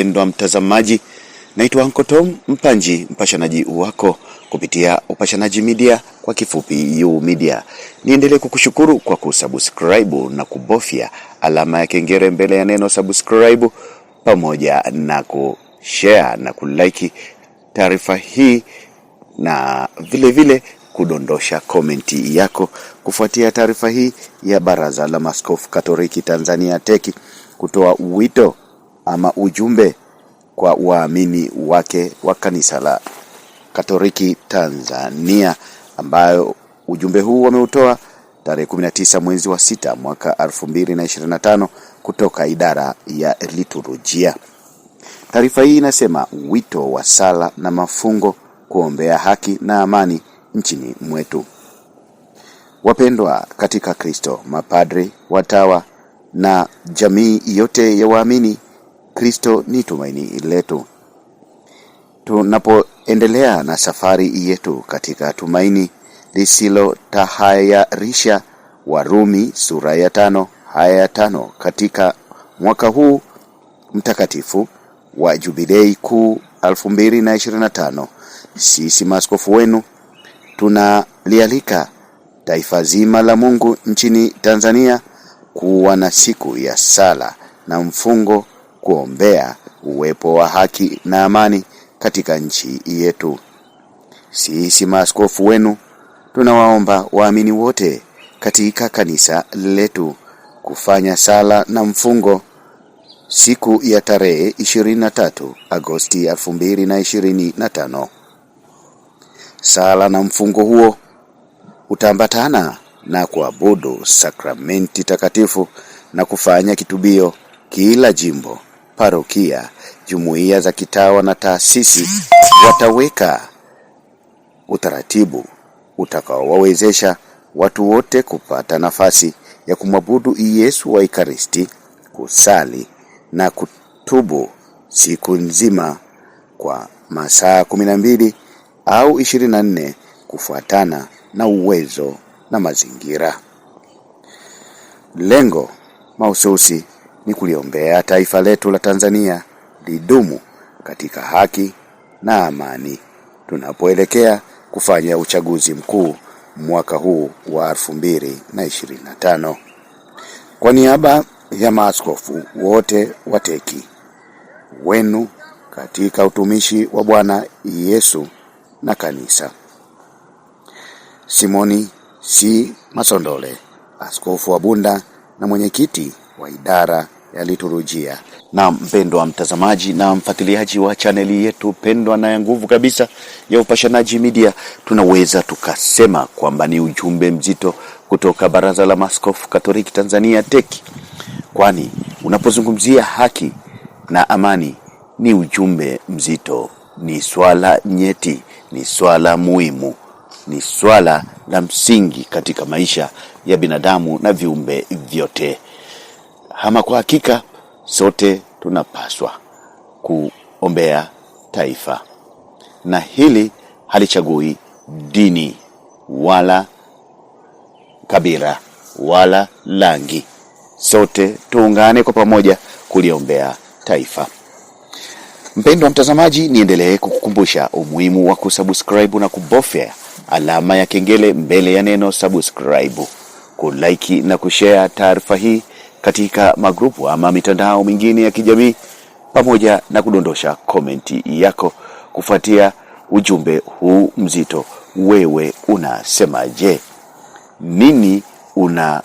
Mpendwa mtazamaji, naitwa Uncle Tom Mpanji, mpashanaji wako kupitia Upashanaji Media, kwa kifupi U Media. Niendelee kukushukuru kwa kusubscribe na kubofya alama ya kengele mbele ya neno subscribe, pamoja na kushare na kulike taarifa hii na vile vile kudondosha komenti yako kufuatia taarifa hii ya Baraza la maskofu Katoliki Tanzania teki kutoa wito ama ujumbe kwa waamini wake wa kanisa la Katoliki Tanzania, ambayo ujumbe huu wameutoa tarehe 19 mwezi wa sita mwaka 2025 kutoka idara ya liturujia. Taarifa hii inasema wito wa sala na mafungo kuombea haki na amani nchini mwetu. Wapendwa katika Kristo, mapadri, watawa na jamii yote ya waamini Kristo ni tumaini letu. Tunapoendelea na safari yetu katika tumaini lisilotahayarisha, Warumi sura ya tano aya ya tano katika mwaka huu mtakatifu wa Jubilei Kuu 2025, sisi maaskofu wenu tunalialika taifa zima la Mungu nchini Tanzania kuwa na siku ya sala na mfungo kuombea uwepo wa haki na amani katika nchi yetu. Sisi maaskofu wenu tunawaomba waamini wote katika kanisa letu kufanya sala na mfungo siku ya tarehe 23 Agosti 2025. Sala na mfungo huo utaambatana na kuabudu sakramenti takatifu na kufanya kitubio kila jimbo parokia, jumuiya za kitawa na taasisi wataweka utaratibu utakaowawezesha watu wote kupata nafasi ya kumwabudu Yesu wa Ekaristi, kusali na kutubu siku nzima kwa masaa kumi na mbili au ishirini na nne kufuatana na uwezo na mazingira. Lengo mahususi ni kuliombea taifa letu la Tanzania lidumu katika haki na amani tunapoelekea kufanya uchaguzi mkuu mwaka huu wa 2025. na Kwa niaba ya maaskofu wote wa teki wenu katika utumishi wa Bwana Yesu na kanisa, Simoni C. Masondole, askofu wa Bunda na mwenyekiti wa idara ya liturujia. Na mpendwa mtazamaji na mfuatiliaji wa chaneli yetu pendwa na ya nguvu kabisa ya Upashanaji Media, tunaweza tukasema kwamba ni ujumbe mzito kutoka Baraza la maskofu Katoliki Tanzania tek kwani unapozungumzia haki na amani ni ujumbe mzito, ni swala nyeti, ni swala muhimu, ni swala la msingi katika maisha ya binadamu na viumbe vyote. Ama kwa hakika sote tunapaswa kuombea taifa, na hili halichagui dini wala kabila wala rangi. Sote tuungane kwa pamoja kuliombea taifa. Mpendwa mtazamaji, niendelee kukukumbusha umuhimu wa kusubscribe na kubofya alama ya kengele mbele ya neno subscribe, kulike na kushare taarifa hii katika magrupu ama mitandao mingine ya kijamii pamoja na kudondosha komenti yako kufuatia ujumbe huu mzito. Wewe unasemaje? Nini una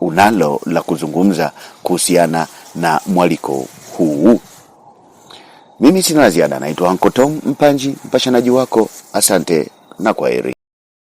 unalo la kuzungumza kuhusiana na mwaliko huu? Mimi sina ziada. Naitwa Uncle Tom Mpanji, mpashanaji wako. Asante na kwaheri.